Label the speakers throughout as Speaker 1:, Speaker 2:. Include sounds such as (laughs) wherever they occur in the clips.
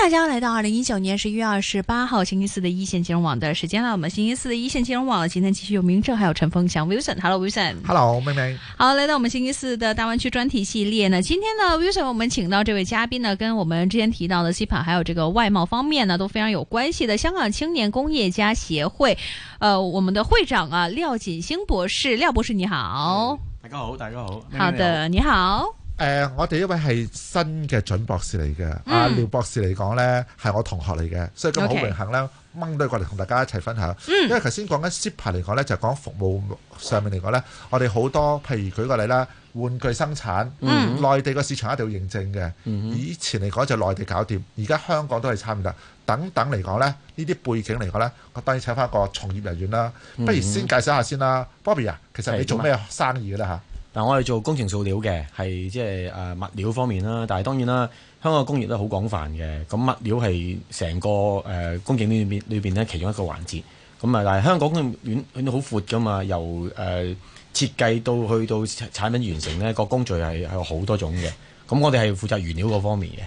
Speaker 1: 大家來到二零一九年十一月二十八號星期四的一線金融網的時間了。我們星期四的一線金融網今天繼續有明正，還有陳峰祥、Wilson。Hello，Wilson。Hello，妹妹。好，來到我們星期四的大灣區專題系列呢。那今天呢，Wilson，我們請到這位嘉賓呢，跟我們之前提到的 CEPA 還有這個外貿方面呢，都非常有關係的香港青年工業家協會，呃，我們的會長啊，廖錦興博士。廖博士，你好、嗯。大
Speaker 2: 家好，大家好。好的，明
Speaker 1: 明你好。你好誒、呃，我哋呢位係新嘅準博士嚟嘅，阿、嗯啊、廖博士嚟講咧係我同學嚟嘅，所以今日好榮幸咧掹到嚟過嚟同大家一齊分享。嗯、因為頭先講緊 s i p e 嚟講咧，就係講服務上面嚟講咧，我哋好多譬如舉個例啦，玩具生產，嗯、內地個市場一定要認證嘅。嗯、以前嚟講就內地搞掂，而家香港都係參與得等等嚟講咧，呢啲背景嚟講咧，我當然請翻一個從業人員啦。不如先介紹下先啦、嗯，Bobby 啊，其實你做咩生意嘅咧、嗯嗱，我係做
Speaker 2: 工程塑料嘅，係即係誒物料方面啦。但係當然啦，香港嘅工業咧好廣泛嘅。咁物料係成個誒工程裏面裏邊咧，其中一個環節。咁啊，但係香港嘅工業都好闊噶嘛，由誒設計到去到產品完成呢個工序係，係有好多種嘅。咁我哋係負責原料嗰方面嘅。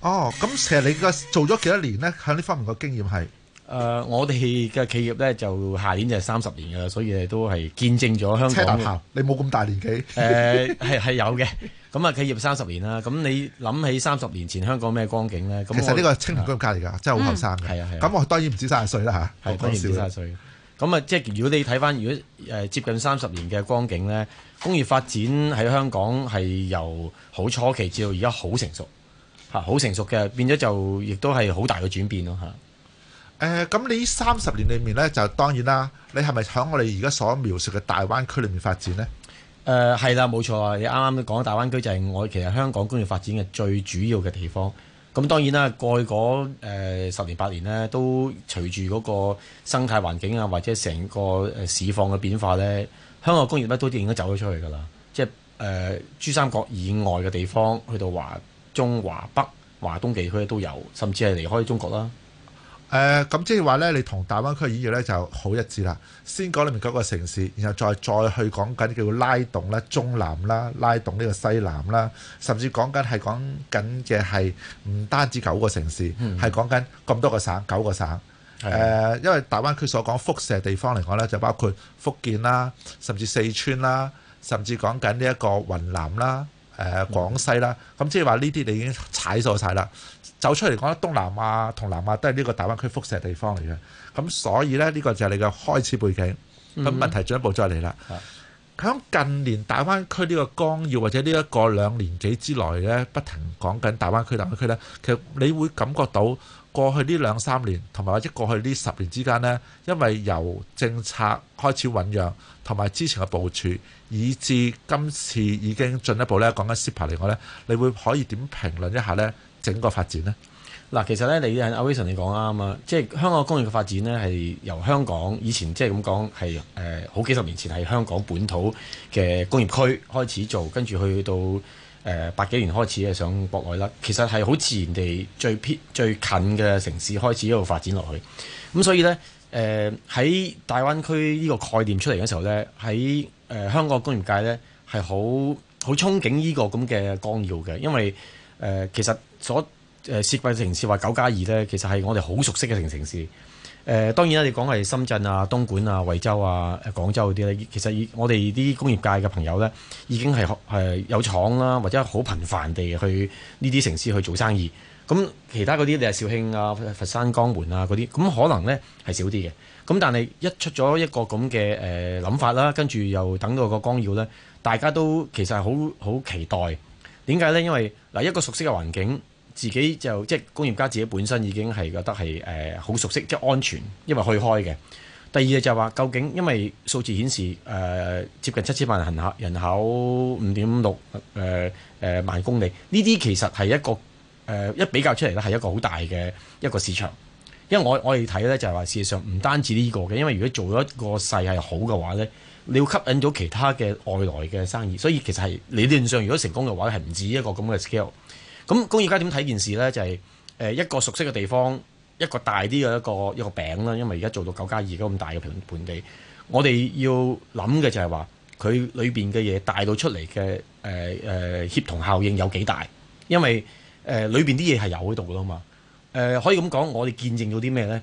Speaker 1: 哦，咁其實你個做咗幾多年呢？喺呢方面個經驗係。
Speaker 2: 誒、呃，我哋嘅企業咧就下年就係三十年㗎。所以都係見證咗香港車車。
Speaker 1: 你冇咁大年紀誒，
Speaker 2: 係 (laughs) 係、呃、有嘅。咁啊，企業三十年啦，咁你諗起三十年前香港咩光
Speaker 1: 景咧？其實呢個青年工業家嚟㗎、啊，真係好後生嘅。嗯、啊咁、啊、我當然唔止卅歲啦嚇、啊，當然唔止三十歲。
Speaker 2: 咁啊，即係如果你睇翻，如果、呃、接近三十年嘅光景咧，工業發展喺香港係由好初期至到而家好成熟，好、啊、成熟嘅
Speaker 1: 變咗就亦都係好大嘅轉變咯嚇。啊誒、呃，咁你三十年裏面咧，就當然啦，你係咪喺我哋而家所描述嘅大灣區裏面發展呢？誒、呃，係啦，
Speaker 2: 冇錯，你啱啱講大灣區就係我其實香港工業發展嘅最主要嘅地方。咁當然啦，過去嗰誒十年八年咧，都隨住嗰個生態環境啊，或者成個誒、呃、市況嘅變化咧，香港工業咧都應該走咗出去噶啦。即係誒、呃，珠三角以外嘅地方，去到華中華北、華東地
Speaker 1: 區都有，甚至係離開中國啦。誒、呃、咁即係話呢，你同大灣區演員呢就好一致啦。先講裡面九個城市，然後再再去講緊叫拉動啦、中南啦，拉動呢個西南啦，甚至講緊係講緊嘅係唔單止九個城市，係講緊咁多個省九個省。誒、呃，因為大灣區所講輻射地方嚟講呢，就包括福建啦，甚至四川啦，甚至講緊呢一個雲南啦。誒、嗯、廣西啦，咁即係話呢啲你已經踩咗晒啦。走出嚟講，東南亞同南亞都係呢個大灣區輻射地方嚟嘅。咁所以呢，呢個就係你嘅開始背景。
Speaker 2: 咁問題
Speaker 1: 進一步再嚟啦。喺、嗯嗯、近年大灣區呢個綱要或者呢一個兩年幾之內呢，不停講緊大灣區大灣區呢，其實你會感覺到。過去呢兩三年，同埋或者過去呢十年之間呢，因為由政策開始醖釀，同埋之前嘅部署，以至今次已經進一步咧講緊 SIPA 嚟講咧，你會可以點評論一下咧整個發展呢？嗱，其實咧，你阿 Wilson 你講啱啊，即係香港工業嘅發展呢，係由香港
Speaker 2: 以前即係咁講係誒好幾十年前係香港本土嘅工業區開始做，跟住去到。誒八幾年開始誒上國外啦，其實係好自然地最偏最近嘅城市開始一路發展落去，咁所以呢，誒、呃、喺大灣區呢個概念出嚟嘅時候呢，喺誒、呃、香港工業界呢，係好好憧憬呢個咁嘅綱要嘅，因為誒、呃、其實所誒設計城市話九加二呢，其實係我哋好熟悉嘅成城市。誒、呃、當然啦，你講係深圳啊、東莞啊、惠州啊、廣州啲、啊、咧，其實已我哋啲工業界嘅朋友咧，已經係係有廠啦、啊，或者好頻繁地去呢啲城市去做生意。咁其他嗰啲你係肇慶啊、佛山、江門啊嗰啲，咁可能咧係少啲嘅。咁但係一出咗一個咁嘅誒諗法啦，跟住又等到個綱要咧，大家都其實係好好期待。點解咧？因為嗱一個熟悉嘅環境。自己就即係工業家自己本身已經係覺得係誒好熟悉，即係安全，因為去開嘅。第二就係、是、話，究竟因為數字顯示誒、呃、接近七千萬人客人口五點六誒誒萬公里，呢啲其實係一個誒、呃、一比較出嚟咧係一個好大嘅一個市場。因為我我哋睇咧就係話，事實上唔單止呢、這個嘅，因為如果做咗一個勢係好嘅話咧，你要吸引到其他嘅外來嘅生意，所以其實係理論上如果成功嘅話，係唔止一個咁嘅 scale。咁工業家點睇件事咧？就係、誒、一個熟悉嘅地方，一個大啲嘅一個一個餅啦。因為而家做到九加二咁大嘅盤地，我哋要諗嘅就係話佢裏面嘅嘢帶到出嚟嘅、呃、協同效應有幾大？因為誒裏邊啲嘢係有喺度㗎嘛。誒可以咁講，我哋見證到啲咩咧？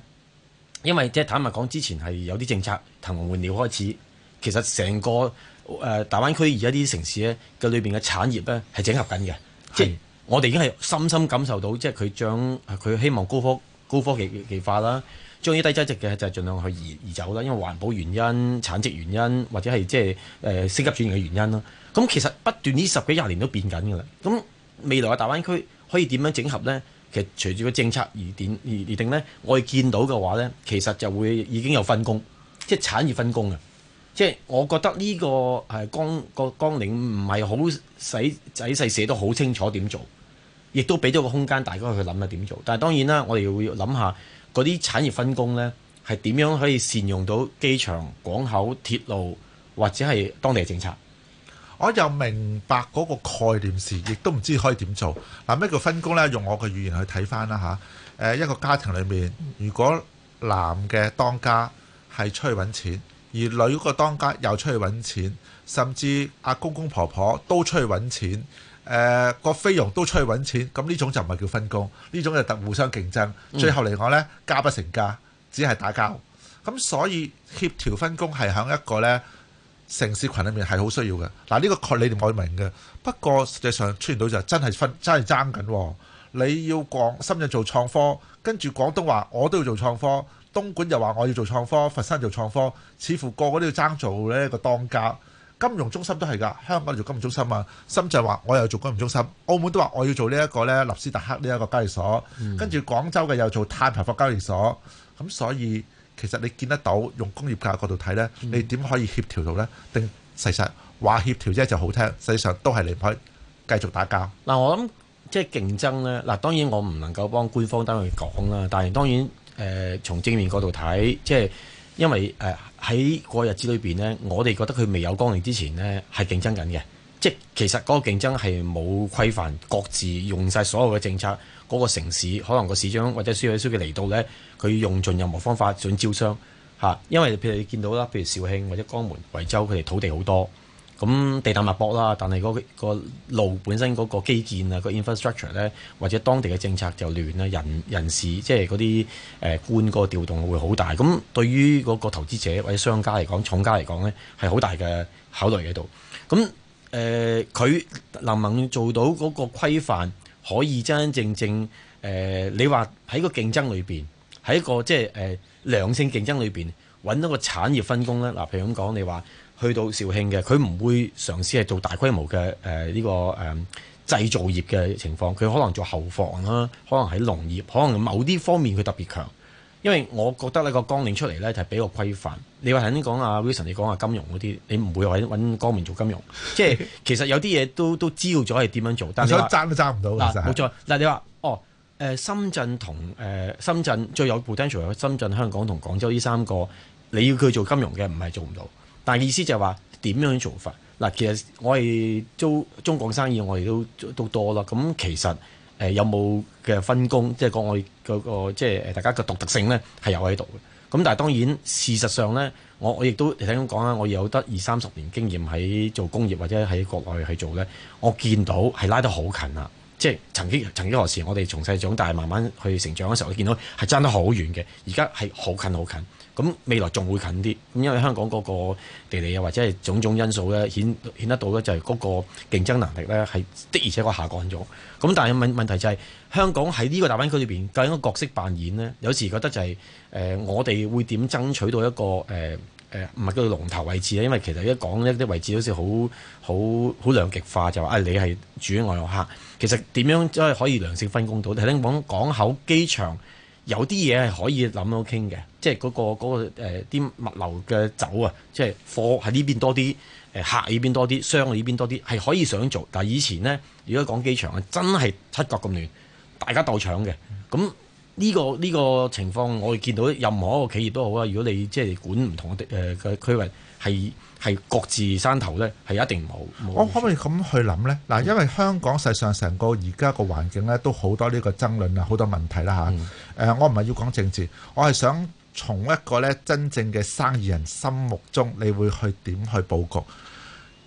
Speaker 2: 因為即係坦白講，之前係有啲政策騰籠換鳥開始，其實成個、呃、大灣區而家啲城市咧嘅裏面嘅產業咧係整合緊嘅，即係。我哋已經係深深感受到，即係佢將佢希望高科高科技化啦，將啲低質值嘅就盡量去移移走啦，因為環保原因、產值原因或者係即係誒升級轉型嘅原因啦。咁其實不斷呢十幾廿年都變緊㗎啦。咁未來嘅大灣區可以點樣整合咧？其實隨住個政策而點而而定咧。我哋見到嘅話咧，其實就會已經有分工，即係產業分工嘅。即係我覺得呢個係光個光領唔係好使仔細寫得好清楚點做。亦都俾咗個空間大家去諗下點做，但係當然啦，我哋會諗下嗰啲產業分工呢係點樣可以善用
Speaker 1: 到機場、港口、鐵路或者係當地嘅政策。我又明白嗰個概念時，亦都唔知可以點做。嗱，咩叫分工呢？用我嘅語言去睇翻啦吓，誒，一個家庭裏面，如果男嘅當家係出去揾錢，而女嗰個當家又出去揾錢，甚至阿公公婆婆都出去揾錢。誒、呃、個菲傭都出去揾錢，咁呢種就唔係叫分工，呢種就係互相競爭。最後嚟講呢，家不成家，只係打交。咁、嗯嗯、所以協調分工係響一個呢城市群裏面係好需要嘅。嗱、這、呢個概念你哋我明嘅。不過實際上出現到就真係分真係爭緊、啊。你要講深圳做創科，跟住廣東話我都要做創科，東莞又話我要做創科，佛山做創科，似乎個個都要爭做呢個當家。金融中心都係㗎，香港做金融中心啊，深圳話我又做金融中心，澳門都話我要做呢一個咧，納斯達克呢一個交易所，跟、嗯、住廣州嘅又做碳排放交易所，咁所以其實你見得到用工業界角度睇呢，你點可以協調到呢？定事實話協調啫就好聽，實際上都係離唔開繼續打交。嗱，我諗即係競爭呢，嗱，當然我唔能
Speaker 2: 夠幫官方單位講啦，但係當然誒、呃，從正面角度睇，即係。因為誒喺嗰個日子裏邊呢，我哋覺得佢未有綱領之前呢係競爭緊嘅。即係其實嗰個競爭係冇規範，各自用晒所有嘅政策，嗰、那個城市可能個市長或者書記書記，嚟到呢，佢用盡任何方法想招商嚇。因為譬如你見到啦，譬如肇慶或者江門、惠州，佢哋土地好多。咁地大物博啦，但係嗰個路本身嗰個基建啊，嗰個 infrastructure 咧，或者當地嘅政策就亂啦，人人事即係嗰啲誒官個調動會好大。咁對於嗰個投資者或者商家嚟講，廠家嚟講咧，係好大嘅考慮喺度。咁誒，佢能唔能做到嗰個規範，可以真真正正誒、呃，你話喺個競爭裏邊，喺個即係誒良性競爭裏邊揾到個產業分工咧？嗱、呃，譬如咁講，你話。去到肇慶嘅佢唔會嘗試係做大規模嘅呢、呃這個誒、呃、製造業嘅情況，佢可能做後防啦、啊，可能喺農業，可能某啲方面佢特別強。因為我覺得呢、呢個綱領出嚟咧係比較規範。你話頭先講啊，Wilson，你講下金融嗰啲，你唔會揾揾江門做金融， (laughs) 即係其實有啲嘢都都知道咗係點樣做，但係想爭都
Speaker 1: 爭唔到。冇錯嗱，但你話哦、呃、
Speaker 2: 深圳同深圳最有 potential 深圳、香港同廣州呢三個，你要佢做金融嘅唔係做唔到。但係意思就係話點樣做法嗱，其實我係租中國生意我，我哋都都多啦。咁其實誒有冇嘅分工，即係國外嗰、那個即係大家嘅獨特性呢，係有喺度嘅。咁但係當然事實上呢，我我亦都你聽講啦，我有得二三十年經驗喺做工業或者喺國內去做呢，我見到係拉得好近啊！即係曾經，曾經幾何時，我哋從細長大，慢慢去成長嘅時候我看的，你見到係差得好遠嘅。而家係好近好近，咁未來仲會近啲。咁因為香港嗰個地理，或者係種種因素咧，顯顯得到咧，就係嗰個競爭能力咧，係的而且確下降咗。咁但係問問題就係香港喺呢個大灣區裏邊，究竟個角色扮演咧，有時覺得就係、是、誒、呃，我哋會點爭取到一個誒，呃誒唔係叫做龍頭位置咧，因為其實一講呢啲位置好，好似好好好兩極化，就話啊你係喺外遊客，其實點樣真係可以良性分工到？睇翻港港口機場有啲嘢係可以諗到傾嘅，即係嗰、嗰個嗰啲、嗰個呃、物流嘅走啊，即係貨喺呢邊多啲，誒客喺呢邊多啲，商喺呢邊多啲，係可以想做。但係以前呢，如果講機場啊，真係七角咁亂，大家鬥搶嘅，咁、嗯。呢、這個呢、這個情況，我會見到任何一個企業都好啦。如果你即係管唔同嘅誒嘅區域，係係各自山頭咧，係一定唔好。我可唔
Speaker 1: 可以咁去諗咧？嗱，因為香港世上成個而家個環境咧，都好多呢個爭論啊，好多問題啦嚇。誒、啊，我唔係要講政治，我係想從一個咧真正嘅生意人心目中，你會去點去佈局？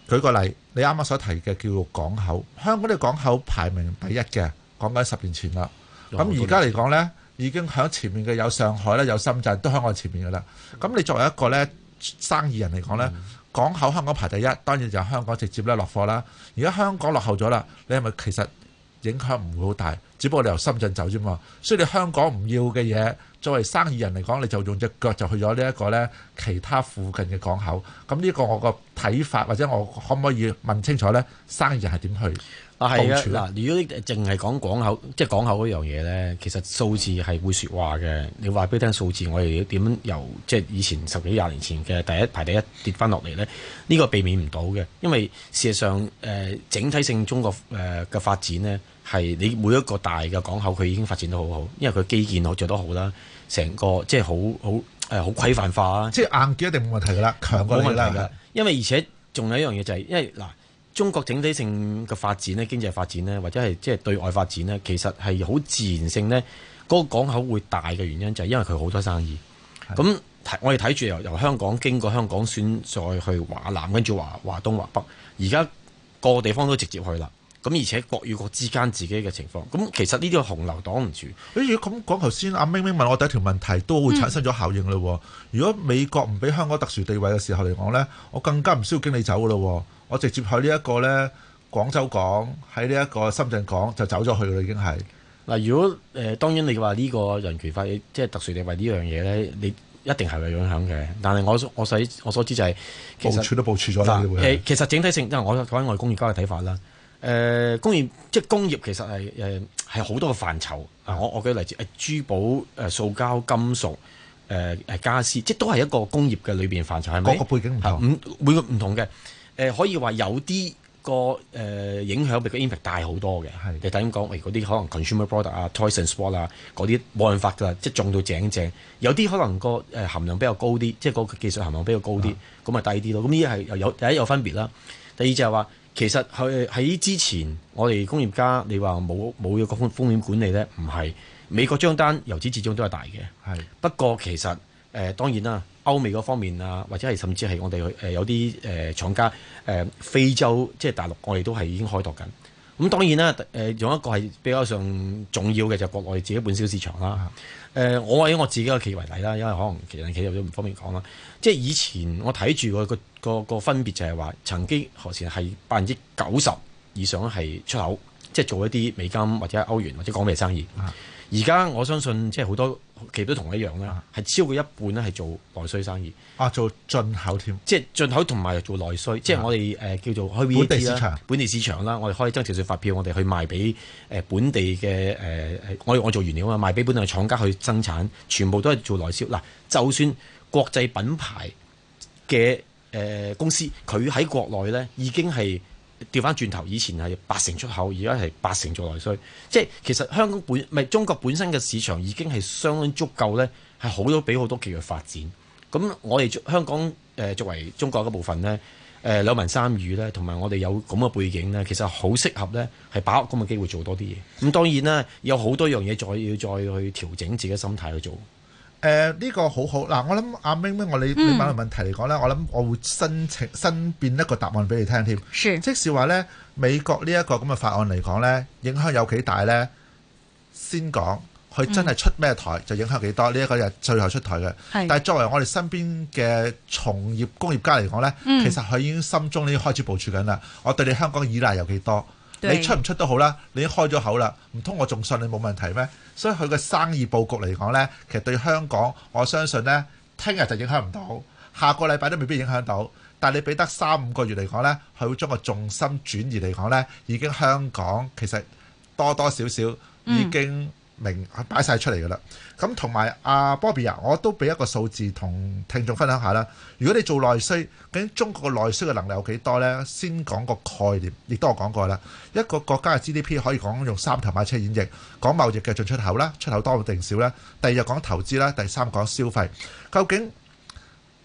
Speaker 1: 舉個例，你啱啱所提嘅叫做港口，香港嘅港口排名第一嘅，講緊十年前啦。咁而家嚟講呢，已經喺前面嘅有上海啦，有深圳都喺我前面噶啦。咁你作為一個呢生意人嚟講呢，港口，香港排第一，當然就香港直接呢落貨啦。而家香港落後咗啦，你係咪其實影響唔會好大？只不過你由深圳走啫嘛。所以你香港唔要嘅嘢，作為生意人嚟講，你就用隻腳就去咗呢一個呢其他附近嘅港口。咁呢個我個睇法，或者我可唔可以問清楚呢生意人係點去？啊，係啊！嗱，如果淨係講港口，即係港口嗰樣
Speaker 2: 嘢咧，其實數字係會説話嘅。你話俾你聽，數字我哋點樣由即係以前十幾廿年前嘅第一排第一跌翻落嚟咧？呢、呢個避免唔到嘅，因為事實上誒、呃、整體性中國誒嘅、呃、發展呢，係你每一個大嘅港口佢已經發展得好好，因為佢基建好做得好啦，成個即係好好誒好規範化啦。即
Speaker 1: 係硬件一定冇問題噶啦，強過冇問題噶，
Speaker 2: 因為而且仲有一樣嘢就係、係，因為嗱。中國整體性嘅發展咧，經濟發展咧，或者係即係對外發展咧，其實係好自然性呢，嗰、嗰個港口會大嘅原因就係因為佢好多生意。咁我哋睇住由由香港經過香港轉再去華南，跟住華華東華北，而家各個地方都直接去啦。咁而且國與國之間自己嘅情況，咁其實呢啲嘅洪流擋唔住。
Speaker 1: 如果咁講頭先阿明明問我第一條問題，都會產生咗效應咯、嗯。如果美國唔俾香港特殊地位嘅時候嚟講呢，我更加唔需要驚你走噶啦。我直接去呢一個咧廣州港，喺呢一個深圳港就走咗去啦，已經係嗱。如果誒、呃、
Speaker 2: 當然你話呢個人權法，即係特殊地位呢樣嘢咧，你一定係有影響嘅。但係我我所我所知就係、是，其實部署都部署咗啦。誒，其實整體性因係我講緊我哋工業家嘅睇法啦。誒、呃，工業即係工業其實係誒係好多個範疇。嗯、我我舉例子誒，珠寶誒塑膠金屬誒誒傢俬，即都係一個工業嘅裏邊範疇，係咪？個背景唔同，每每個唔同嘅。呃、可以話有啲個、呃、影響比個 impact 大好多嘅，你睇點講，嗰、呃、啲可能 consumer product 啊、toy and sport 啊嗰啲冇辦法㗎，即係中到井正。有啲可能個誒、呃、含量比較高啲，即係個技術含量比較高啲，咁咪低啲咯。咁呢啲係又有第一有,有分別啦。第二就係話，其實佢喺之前我哋工業家你沒有，你話冇冇個風風險管理咧，唔係美國張單由始至終都係大嘅。係不過其實誒、呃、當然啦。歐美嗰方面啊，或者係甚至係我哋誒有啲誒廠家誒非洲即係、就是、大陸，我哋都係已經開拓緊。咁當然啦，誒仲有一個係比較上重要嘅就係、是、國內自己本銷市場啦。誒，我以我自己嘅企業為例啦，因為可能私人企業都唔方便講啦。即係以前我睇住個個個分別就係話，曾經何時係百分之九十以上係出口，即係做一啲美金或者歐元或者港幣生意。而家我相信即係好多。其實都同我一樣啦，係超過一半咧係做內需生意，啊做進口添，即係進口同埋做內需，嗯、即係我哋誒、呃、叫做去本地市場，本地市場啦，我哋開增值稅發票，我哋去賣俾誒本地嘅誒、呃，我我做原料啊嘛，賣俾本地嘅廠家去生產，全部都係做內銷。嗱，就算國際品牌嘅誒、呃、公司，佢喺國內咧已經係。調返轉頭，以前係八成出口，而家係八成做內需，即係其實香港本唔係中國本身嘅市場已經係相當足夠咧，係好多俾好多企業發展。咁我哋香港誒、呃、作為中國嘅部分咧，誒、呃、兩文三語咧，同埋我哋有咁嘅背景咧，其實好適合咧係把握咁嘅機會做多啲嘢。咁當然啦，有好多樣嘢再要
Speaker 1: 再去調整自己嘅心態去做。誒、呃、呢、這個很好好，嗱、啊，我諗阿 Ming 我哋、嗯、你問問題嚟講咧，我諗我會申請申辯一個答案俾你聽添，即是話呢，美國呢一個咁嘅法案嚟講呢，影響有幾大呢？先講佢真係出咩台就影響幾多？呢、嗯、一、這個日最後出台嘅，但係作為我哋身邊嘅從業工業家嚟講呢，其實佢已經心中已經開始部署緊啦、嗯。我對你香港依賴有幾多？你出唔出都好啦，你已經開咗口啦，唔通我仲信你冇問題咩？所以佢嘅生意佈局嚟講呢，其實對香港，我相信呢，聽日就影響唔到，下個禮拜都未必影響到。但係你俾得三五個月嚟講呢，佢會將個重心轉移嚟講呢，已經香港其實多多少少已經。嗯明擺晒出嚟噶啦，咁同埋阿 Bobbi 啊，我都俾一個數字同聽眾分享下啦。如果你做內需，究竟中國嘅內需嘅能力有幾多呢？先講個概念，亦都我講過啦。一個國家嘅 GDP 可以講用三頭馬車演繹，講貿易嘅進出口啦，出口多定少啦。第二日講投資啦，第三講消費。究竟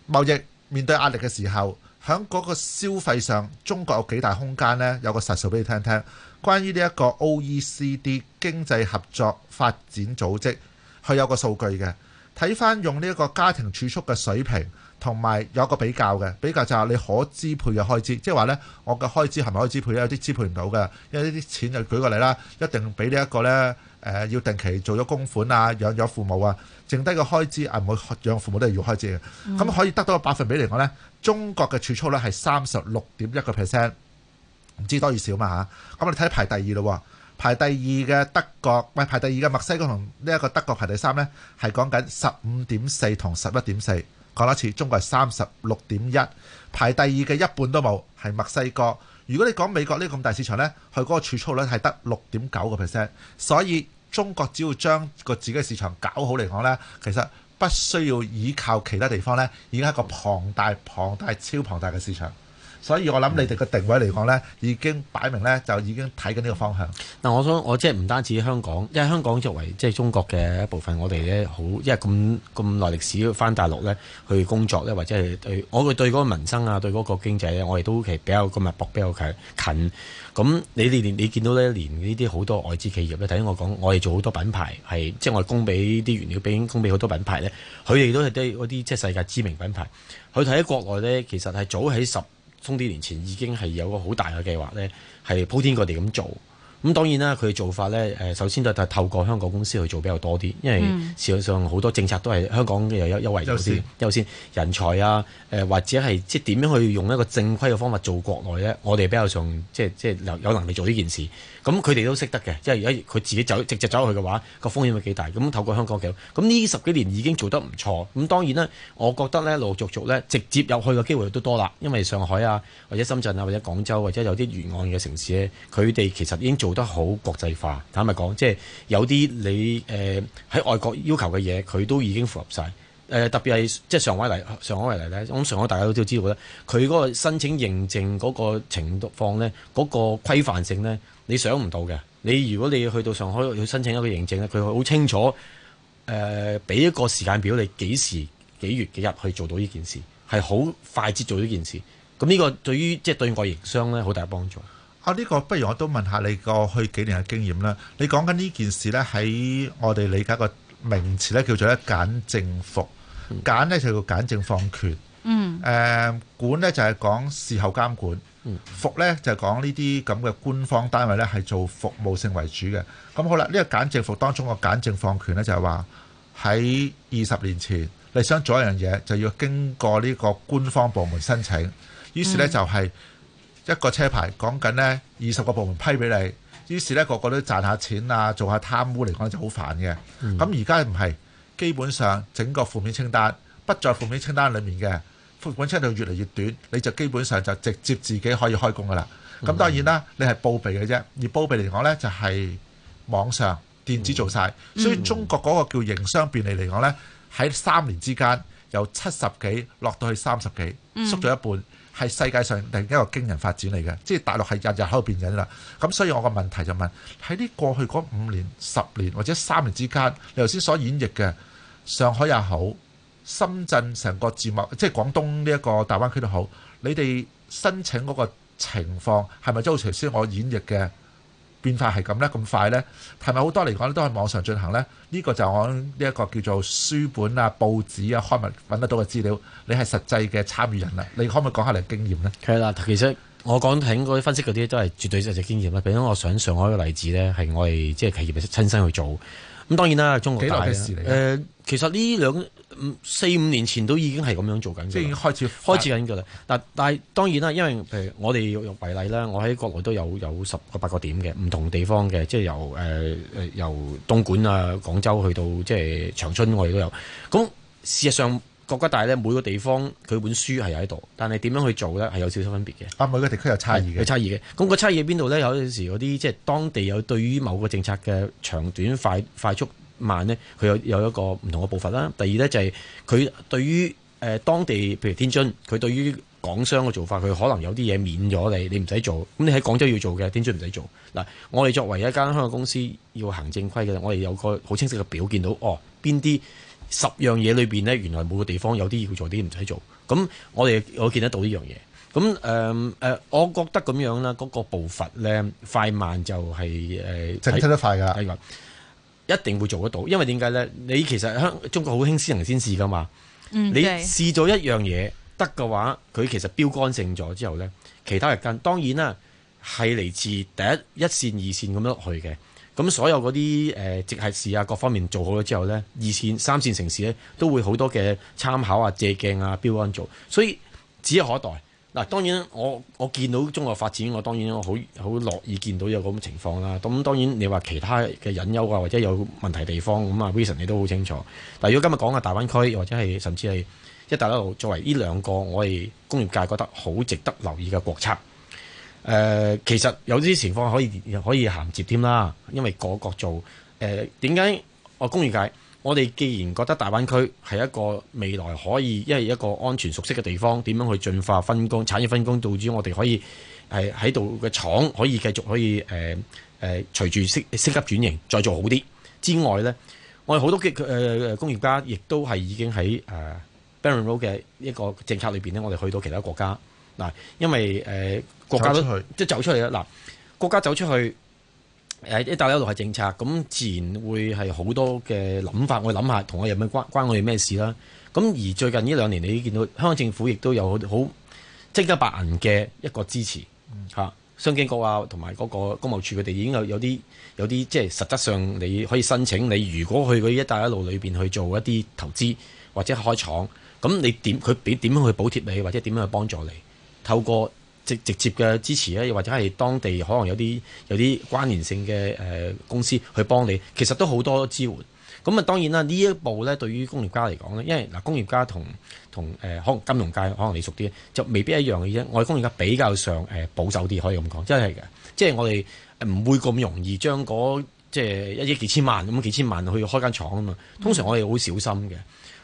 Speaker 1: 貿易面對壓力嘅時候，喺嗰個消費上，中國有幾大空間呢？有個實數俾你聽聽。關於呢一個 OECD 經濟合作發展組織，佢有個數據嘅，睇返用呢一個家庭儲蓄嘅水平，同埋有一個比較嘅，比較就係你可支配嘅開支，即係話呢，我嘅開支係咪可以支配咧？有啲支配唔到嘅，因為啲錢就舉過嚟啦，一定俾呢一個呢，誒、呃、要定期做咗供款啊，養咗父母啊，剩低嘅開支啊，唔會養父母都係要開支嘅。咁、嗯、可以得到嘅百分比嚟講呢，中國嘅儲蓄呢係三十六點一個 percent。唔知多與少嘛嚇，咁我哋睇排第二咯，排第二嘅德國，唔係排第二嘅墨西哥同呢一個德國排第三呢，係講緊十五點四同十一點四，講多次，中國係三十六點一，排第二嘅一半都冇，係墨西哥。如果你講美國呢個咁大市場呢，佢嗰個儲蓄率係得六點九個 percent，所以中國只要將個自己嘅市場搞好嚟講呢，其實不需要依靠其他地方呢，已經係一個龐大龐大超龐大嘅市場。所以我諗你哋個定位嚟講呢，已經擺明呢，就已經睇緊呢個方向。
Speaker 2: 嗱、嗯，我想我即係唔單止香港，因為香港作為即係、就是、中國嘅一部分，我哋呢好，因為咁咁耐歷史返大陸呢，去工作呢，或者係我會對嗰個民生啊，對嗰個經濟呢，我哋都其實比較咁脈搏比較近。咁你哋連你，你見到呢連呢啲好多外資企業呢，睇我講，我哋做好多品牌係即係我哋供俾啲原料俾，供俾好多品牌呢，佢哋都係啲嗰啲即係世界知名品牌。佢喺國內呢，其實係早喺十從啲年前已經係有個好大嘅計劃咧，係鋪天蓋地咁做。咁當然啦，佢嘅做法呢，誒首先都係透過香港公司去做比較多啲，因為事實上好多政策都係香港嘅有優惠投資、嗯，優先人才啊，誒或者係即係點樣去用一個正規嘅方法做國內呢？我哋比較上即係即係有，有能力做呢件事，咁佢哋都識得嘅，因為如果佢自己走直接走去嘅話，個風險會幾大，咁透過香港嘅，咁呢十幾年已經做得唔錯，咁當然呢，我覺得呢，陸續續呢，直接入去嘅機會都多啦，因為上海啊，或者深圳啊，或者廣州或者有啲沿岸嘅城市呢，佢哋其實已經做。做得好國際化，坦白講，即係有啲你誒喺、呃、外國要求嘅嘢，佢都已經符合晒誒、呃，特別係即係上海嚟，上海嚟嚟咧，咁上，上海大家都都知道咧，佢嗰個申請認證嗰個情況咧，嗰、嗰個規範性咧，你想唔到嘅。你如果你去到上海去申請一個認證咧，佢好清楚誒，俾、呃、一個時間表你幾時幾月幾日去做到呢件事，係好快捷做呢件事。咁呢個對於即係對外營商咧，好大幫助。
Speaker 1: 啊！呢個不如我都問下你過去幾年嘅經驗啦。你講緊呢件事呢，喺我哋理解個名詞呢，叫做一簡政服。簡呢，就叫簡政放權。嗯。誒、呃，管呢，就係講事後監管。嗯。服呢，就係講呢啲咁嘅官方單位呢，係做服務性為主嘅。咁好啦，呢個簡政服當中個簡政放權呢，就係話喺二十年前，你想做一樣嘢就要經過呢個官方部門申請，於是呢、就係，就、嗯、係。一個車牌講緊呢，二十個部門批俾你，於是呢個個都賺下錢啊，做下貪污，嚟講就好煩嘅。咁而家唔係，基本上整個負面清單，不在負面清單裡面嘅，負面清單越嚟越短，你就基本上就直接自己可以開工噶啦。咁、嗯、當然啦，你係報備嘅啫，而報備嚟講呢，就係網上電子做晒、嗯。所以中國嗰個叫營商便利嚟講呢，喺三年之間由七十幾落到去三十幾，縮咗一半。嗯係世界上另一個驚人發展嚟嘅，即係大陸係日日喺度變緊啦。咁所以我個問題就問：喺呢過去嗰五年、十年或者三年之間，你頭先所演繹嘅上海也好、深圳成個節目即係廣東呢一個大灣區都好，你哋申請嗰個情況係咪即好似頭先我演繹嘅？變化係咁咧，咁快咧，係咪好多嚟講都喺網上進行咧？呢個就我呢一個叫做書本啊、報紙啊、刊物揾得到嘅資料，你係實際嘅參與人啦，你可唔可以講下你嘅經驗咧？係啦，其實我講睇嗰啲分析嗰啲都係絕
Speaker 2: 對實際經驗啦。譬如我想上海嘅例子咧，係我哋即係企業嘅親身去做。咁當然啦，中國大誒、呃，其實呢兩四五年前都已經係咁樣做緊嘅，即係開始開始緊嘅啦。但但係當然啦，因為譬如我哋用為例啦，我喺國內都有有十個八個點嘅唔同地方嘅，即係由誒誒、呃、由東莞啊、廣州去到即係長春，我亦都有。咁事實上。國家大咧，每個地方佢本書係喺度，但係點樣去做咧，係有少少分別嘅。
Speaker 1: 啊，每個地區有差異嘅，有差
Speaker 2: 異嘅。咁、咁個差異喺邊度咧？有陣時嗰啲即係當地有對於某個政策嘅長短快快速慢咧，佢有有一個唔同嘅步伐啦。第二咧就係、係、佢對於誒、呃、當地，譬如天津，佢對於港商嘅做法，佢可能有啲嘢免咗你，你唔使做。咁你喺廣州要做嘅，天津唔使做。嗱，我哋作為一間香港公司，要行政規嘅，我哋有個好清晰嘅表，見到哦邊啲。邊啲十樣嘢裏邊呢，原來每個地方有啲要做，啲唔使做。咁我哋我見得到呢樣嘢。咁誒誒，我覺得咁樣啦，嗰、嗰個步伐呢，快慢就係、是、誒，呃、得快㗎，係一定會做得到，因為點解呢？你其實香中國好興先行先試噶嘛、嗯，
Speaker 1: 你試
Speaker 2: 咗一樣嘢得嘅話，佢其實標竿性咗之後呢，其他日跟，當然啦，係嚟自第一一線，一線、二線咁樣落去嘅。咁所有嗰啲誒直轄市啊，各方面做好咗之後呢，二線、三線城市呢，都會好多嘅參考啊、借鏡啊、標竿做，所以指日可待。嗱，當然我我見到中國發展，我當然我好好樂意見到有咁嘅情況啦。咁當然你話其他嘅隱憂啊，或者有問題地方咁啊 Vincent 你都好清楚。但如果今日講下大灣區，或者係甚至係一帶一路，作為呢兩個我哋工業界覺得好值得留意嘅國策。誒、呃，其實有啲情況可以可以銜接添啦，因為個個做誒點解？我、呃呃、工業界，我哋既然覺得大灣區係一個未來可以，因為一個安全熟悉嘅地方，點樣去進化分工、產業分工，導致我哋可以係喺度嘅廠可以繼續可以誒誒，隨住升升級轉型，再做好啲之外咧，我哋好多嘅誒、呃、工業家亦都係已經喺誒 Belt and Road 嘅一個政策裏邊咧，我哋去到其他國家。嗱，因為誒國家都即係走出嚟啦。嗱，國家走出去誒一帶一路係政策，咁自然會係好多嘅諗法。我諗下，同我有咩關關我哋咩事啦？咁而最近呢兩年，你見到香港政府亦都有好真金白銀嘅一個支持嚇、嗯。商經局啊，同埋嗰個公務處，佢哋已經有有啲有啲即係實質上你可以申請你。你如果去嗰一帶一路裏邊去做一啲投資或者開廠，咁你點佢俾點樣去補貼你，或者點樣去幫助你？透過直接直接嘅支持咧，又或者係當地可能有啲有啲關聯性嘅誒、呃、公司去幫你，其實都好多支援。咁啊，當然啦，呢一步咧對於工業家嚟講咧，因為嗱、呃，工業家同同誒可能金融界可能你熟啲，就未必一樣嘅啫。我哋工業家比較上誒、呃、保守啲，可以咁講，真係嘅。即係我哋唔會咁容易將嗰即係一億幾千萬咁幾千萬去開一間廠啊嘛。通常我哋好小心嘅。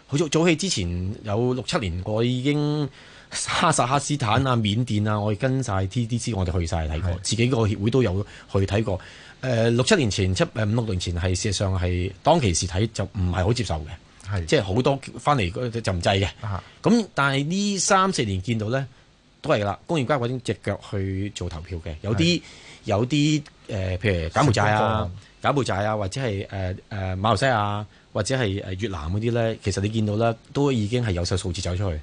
Speaker 2: 好早早起之前有六七年，過已經。哈薩克斯坦啊、緬甸啊、嗯，我哋跟曬 TDC，我哋去曬睇過，自己個協會都有去睇過。六、呃、七年前、七五六年前，係事實上係當其時睇就唔係好接受嘅，即係好多翻嚟就唔制嘅。咁但係呢三四年見到咧，都係啦，工業界揾隻腳去做投票嘅，有啲有啲、呃、譬如柬埔寨啊、柬埔寨啊，或者係誒誒馬來西亞，或者係越南嗰啲咧，其實你見到咧，都已經係有數數字走出去。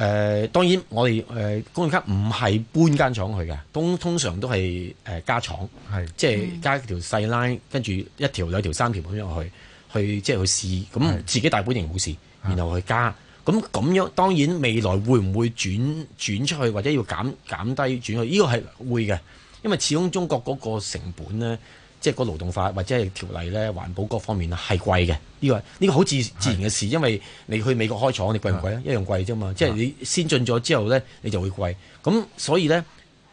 Speaker 2: 誒、呃、當然我們，我哋誒工業界唔係搬間廠去嘅，通通常都係誒、呃、加廠，係即係加一條細 line，跟住一條兩條三條咁入去，去即係去試，咁自己大本營冇事，然後去加，咁咁樣當然未來會唔會轉轉出去，或者要減減低轉去？呢、這個係會嘅，因為始終中國嗰個成本咧。即係個勞動法或者係條例咧，環保各方面係貴嘅。呢、這個呢、這個好自自然嘅事，因為你去美國開廠，你貴唔貴啊？一樣貴啫嘛。即係你先進咗之後呢，你就會貴。咁所以咧，誒、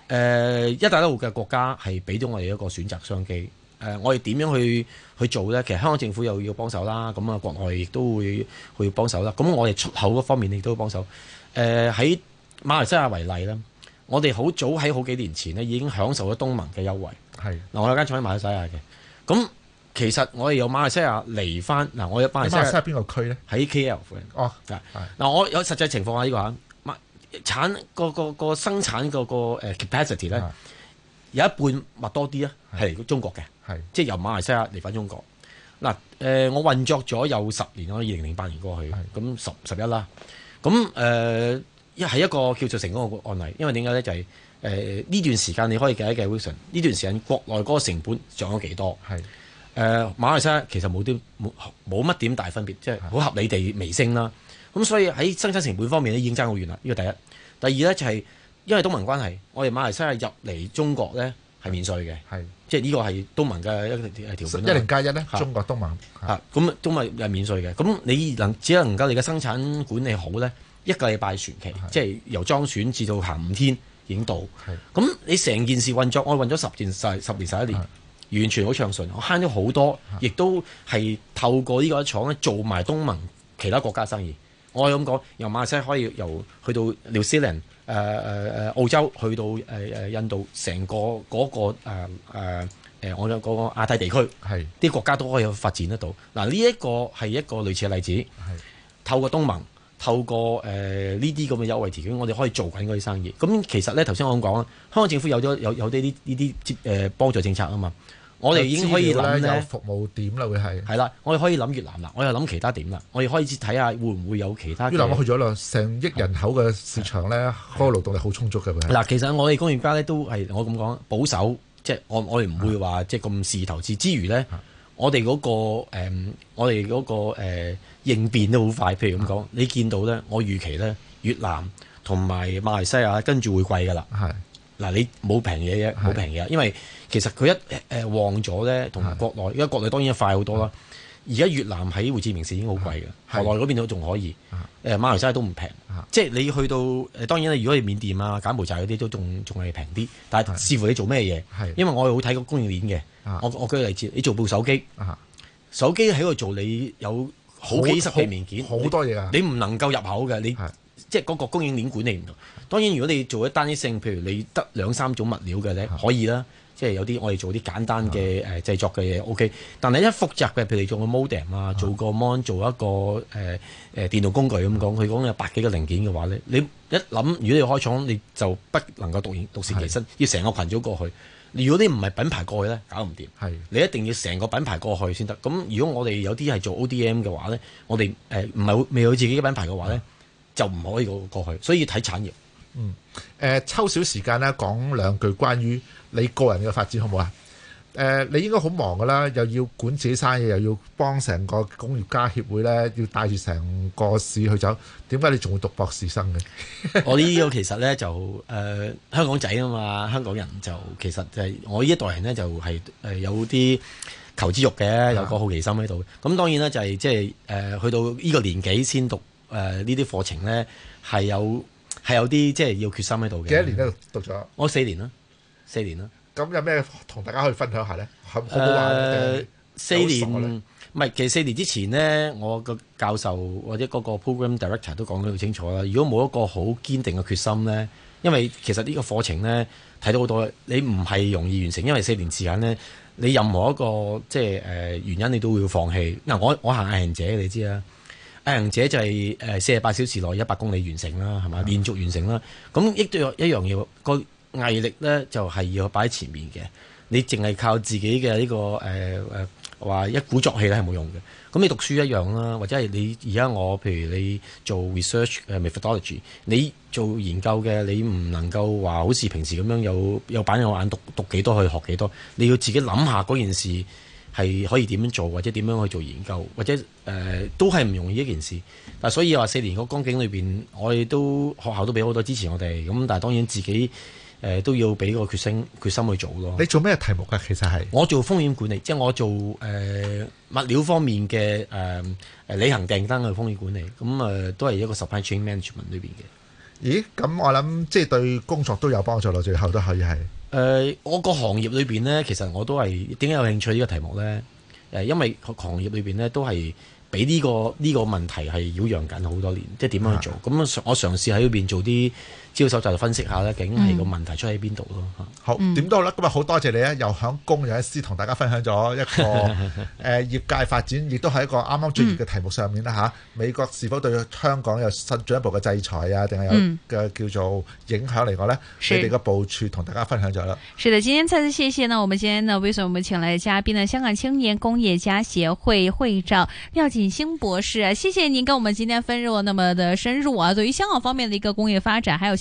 Speaker 2: 呃，一帶一路嘅國家係俾到我哋一個選擇商機。誒、呃，我哋點樣去去做呢？其實香港政府又要幫手啦。咁啊，國外亦都會去幫手啦。咁我哋出口嗰方面亦都幫手。誒、呃，喺馬來西亞為例啦，我哋好早喺好幾年前呢已經享受咗東盟嘅優惠。係嗱，我有間廠喺馬來西亞嘅，咁其實我哋由馬來西亞嚟翻嗱，我有馬來西亞
Speaker 1: 邊個區咧？
Speaker 2: 喺 K.L. 哦，嗱、oh,，我有實際情況喺呢、這個嚇麥產個,個生產個個、呃、capacity 咧，有一半麥多啲啊，係嚟中國嘅，係即係由馬來西亞嚟翻中國。嗱、呃、誒，我運作咗有十年我二零零八年過去，咁十十一啦，咁誒一係一個叫做成功嘅案例，因為點解咧就係、是。誒、呃、呢段時間你可以計一計 Wilson 呢段時間國內嗰個成本漲咗幾多？係誒、呃、馬來西亞其實冇啲冇乜點大分別，即係好合理地微升啦。咁所以喺生產成本方面已經爭好遠啦。呢、這個第一，第二咧就係、是、因為東盟關係，我哋馬來西亞入嚟中國咧係免稅嘅，係即係呢個係東盟嘅一,一條條款。一零加一咧？中國東盟咁東盟又係免稅嘅，咁你能只能夠你嘅生產管理好咧，一個禮拜船期，即係由裝船至到行五天。影到，咁你成件事運作，我運咗十年十十年十一年，完全好暢順，我慳咗好多，亦都係透過呢個一廠咧做埋東盟其他國家生意，我係咁講，由馬來西亞可以由去到 New Zealand、呃呃、澳洲，去到誒誒、呃、印度，成個嗰、嗰個誒誒我哋嗰個亞太地區，啲國家都可以發展得到。嗱呢一個係一個類似嘅例子，透過東盟。透過誒呢啲咁嘅優惠條件，我哋可以做緊嗰啲生意。咁其實咧，頭先我咁講啦，香港政府有咗有有啲呢呢啲誒幫助政策啊嘛，我哋已經可以諗咧。有
Speaker 1: 服務點啦，會係。係
Speaker 2: 啦，我哋可以諗越南啦，我又諗其他點啦，我哋可以睇下會唔會有其他的的。越南我去咗
Speaker 1: 啦，成億人口嘅市場咧，嗰個勞動力好充足嘅。嗱，
Speaker 2: 其實我哋工業家咧都係我咁講保守，即係我我哋唔會話即係咁試投資之餘咧。我哋嗰、那個、嗯、我哋嗰、那個誒、呃、應變都好快。譬如咁講、嗯，你見到咧，我預期咧，越南同埋馬來西亞跟住會貴噶啦。係、嗯、嗱，你冇平嘢嘅，冇平嘢，因為其實佢一誒旺咗咧，同國內，而家國內當然快好多啦。而家越南喺胡志明市已經好貴嘅，河內嗰邊都仲可以。誒馬來西亞都唔平，即係你去到誒當然啦，如果係緬甸啊、柬埔寨嗰啲都仲仲係平啲。但係視乎你做咩嘢，因為我會好睇個供應鏈嘅。我我舉個例子，你做部手機，是手機喺度做你有、OK、好幾十個零件，好多嘢啊！你唔能夠入口嘅，你即係嗰個供應鏈管理唔到。當然如果你做一單一性，譬如你得兩三種物料嘅咧，可以啦。即係有啲我哋做啲簡單嘅誒製作嘅嘢、啊、OK，但係一複雜嘅，譬如做個 modem 啊，做個 mon，做一個誒誒、呃、電腦工具咁講，佢講、啊、有百幾個零件嘅話咧，你一諗，如果你開廠，你就不能夠獨獨善其身，是要成個群組過去。如果你唔係品牌過去咧，搞唔掂。係是，你一定要成個品牌過去先得。咁如果我哋有啲係做 ODM 嘅話咧，我哋誒唔係未有自己嘅品牌嘅話咧是，就唔可以過去。
Speaker 1: 所以要睇產業。嗯，誒抽少時間咧講兩句關於你個人嘅發展好唔好啊、呃？你應該好忙噶啦，又要管自己生意，又要幫成個工業家協會咧，要帶住成個市去走。點解你仲會讀博士生嘅？
Speaker 2: (laughs) 我呢個其實咧就誒、呃、香港仔啊嘛，香港人就其實就係、我呢一代人咧就係、係、有啲求知欲嘅，有個好奇心喺度。咁當然啦，就係即係去到呢個年紀先讀誒呢啲課程咧係有。係有啲即係要決心喺度嘅。幾多年
Speaker 1: 喺度讀咗？
Speaker 2: 我四年啦，四
Speaker 1: 年啦。咁有咩同大家可以分享一下咧？誒、呃，四年唔係，其實
Speaker 2: 四年之前咧，我個教授或者嗰個 program director 都講得好清楚啦。如果冇一個好堅定嘅決心咧，因為其實呢個課程咧睇到好多，你唔係容易完成，因為四年時間咧，你任何一個即係誒、呃、原因你都會放棄。嗱，我我係硬者，你知啊。行者就係誒四十八小時內一百公里完成啦，係嘛？連續完成啦。咁亦都有一樣嘢，個毅力咧就係要擺喺前面嘅。你淨係靠自己嘅呢個誒誒話一鼓作氣咧係冇用嘅。咁你讀書一樣啦，或者係你而家我譬如你做 research methodology，你做研究嘅你唔能夠話好似平時咁樣有有板有眼讀讀幾多去學幾多，你要自己諗下嗰件事。係可以點樣做，或者點樣去做研究，或者誒、呃、都係唔容易一件事。但係所以又話四年個光景裏邊，我哋都學校都俾好多支持我哋。咁但係當然自己誒、呃、都要俾個決心決心去做咯。你做咩題目㗎？其實係我做風險管理，即係我做誒、呃、物料方面嘅誒誒履行訂單嘅風險管理。咁、嗯、啊、呃、都係一個 supply chain management 裏邊嘅。
Speaker 1: 咦，咁我諗即係對工作都有幫助咯，最後都可以係。
Speaker 2: 誒、呃，我個行業裏邊呢，其實我都係點解有興趣呢個題目呢？誒，因為行業裏邊呢、這個，都係俾呢個呢個問題係擾攘緊好多年，即係點樣去做？咁我嘗試喺裏邊
Speaker 1: 做啲。招手就分析下咧，究竟係個問題出喺邊度咯？好，點都好啦。今日好多謝你咧，又響工又喺私同大家分享咗一個誒、 (laughs) 呃、業界發展，亦都係一個啱啱最熱嘅題目上面啦嚇，嗯啊。美國是否對香港有進一步嘅制裁啊？定係有嘅，嗯、叫做影響嚟講呢？你哋嘅部署同大家分享咗啦。是嘅。今天再次謝謝呢，我們今天呢，為什麼我們請來嘅嘉賓呢？香港青年工業家協會會長廖錦興博士，啊，謝謝您跟我們今天分享那麼的深入啊。對於香港方面嘅一個工業發展，還有